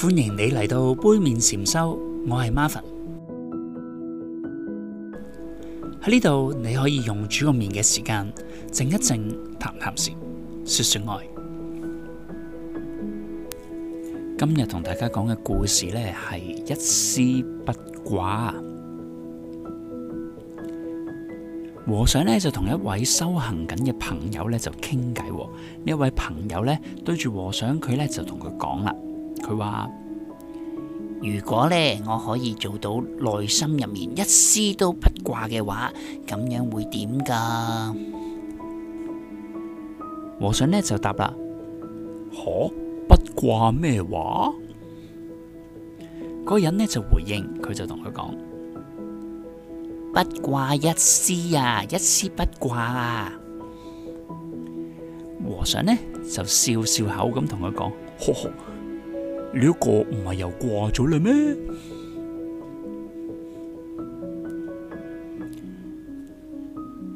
歡迎你嚟到杯麵禪修，我係 Marvin，喺呢度，你可以用煮個麵嘅時間靜一靜，談談禪，說說愛。今日同大家講嘅故事呢，係一絲不掛。和尚呢，就同一位修行緊嘅朋友呢，就傾偈喎。呢一位朋友呢，對住和尚佢呢，就同佢講啦。佢話：如果呢，我可以做到內心入面一絲都不掛嘅話，咁樣會點噶？和尚呢就答啦：，呵不掛咩話？嗰人呢就回應佢就同佢講：不掛一絲啊，一絲不掛啊！和尚呢就笑笑口咁同佢講：，呵呵。呢一個唔係又掛咗嘞咩？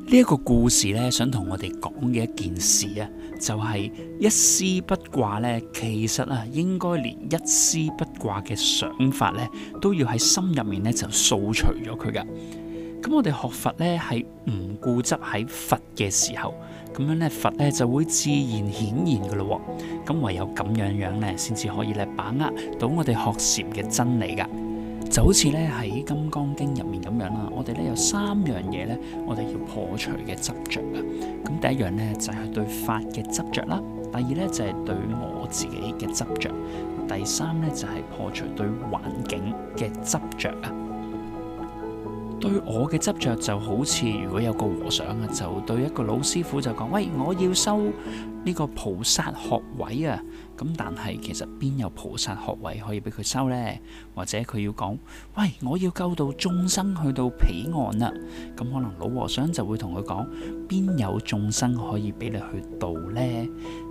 呢一個故事咧，想同我哋講嘅一件事啊，就係一絲不掛咧，其實啊，應該連一絲不掛嘅想法咧，都要喺心入面咧就掃除咗佢噶。咁我哋學佛咧係唔固執喺佛嘅時候，咁樣咧佛咧就會自然顯現噶咯。咁唯有咁樣樣咧，先至可以咧把握到我哋學禪嘅真理噶。就好似咧喺《金剛經》入面咁樣啦，我哋咧有三樣嘢咧，我哋要破除嘅執着啊。咁第一樣咧就係對法嘅執着啦，第二咧就係對我自己嘅執着，第三咧就係破除對環境嘅執着啊。對我嘅執著就好似，如果有個和尚啊，就對一個老師傅就講：喂，我要修。呢個菩薩學位啊，咁但係其實邊有菩薩學位可以俾佢收呢？或者佢要講，喂，我要救到眾生去到彼岸啊！咁、嗯、可能老和尚就會同佢講，邊有眾生可以俾你去度呢？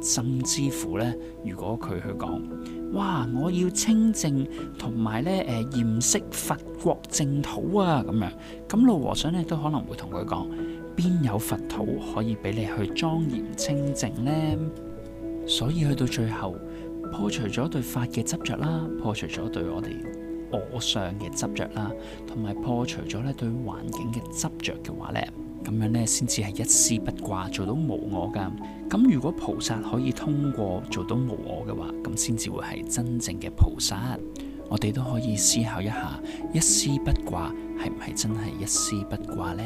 甚至乎呢，如果佢去講，哇，我要清淨同埋呢誒，嚴識佛國淨土啊，咁樣，咁、嗯、老和尚呢都可能會同佢講。邊有佛土可以俾你去莊嚴清淨呢？所以去到最後，破除咗對法嘅執着啦，破除咗對我哋我相嘅執着啦，同埋破除咗咧對環境嘅執着嘅話呢，咁樣呢先至係一絲不掛做到無我噶。咁如果菩薩可以通過做到無我嘅話，咁先至會係真正嘅菩薩。我哋都可以思考一下，一絲不掛係唔係真係一絲不掛呢？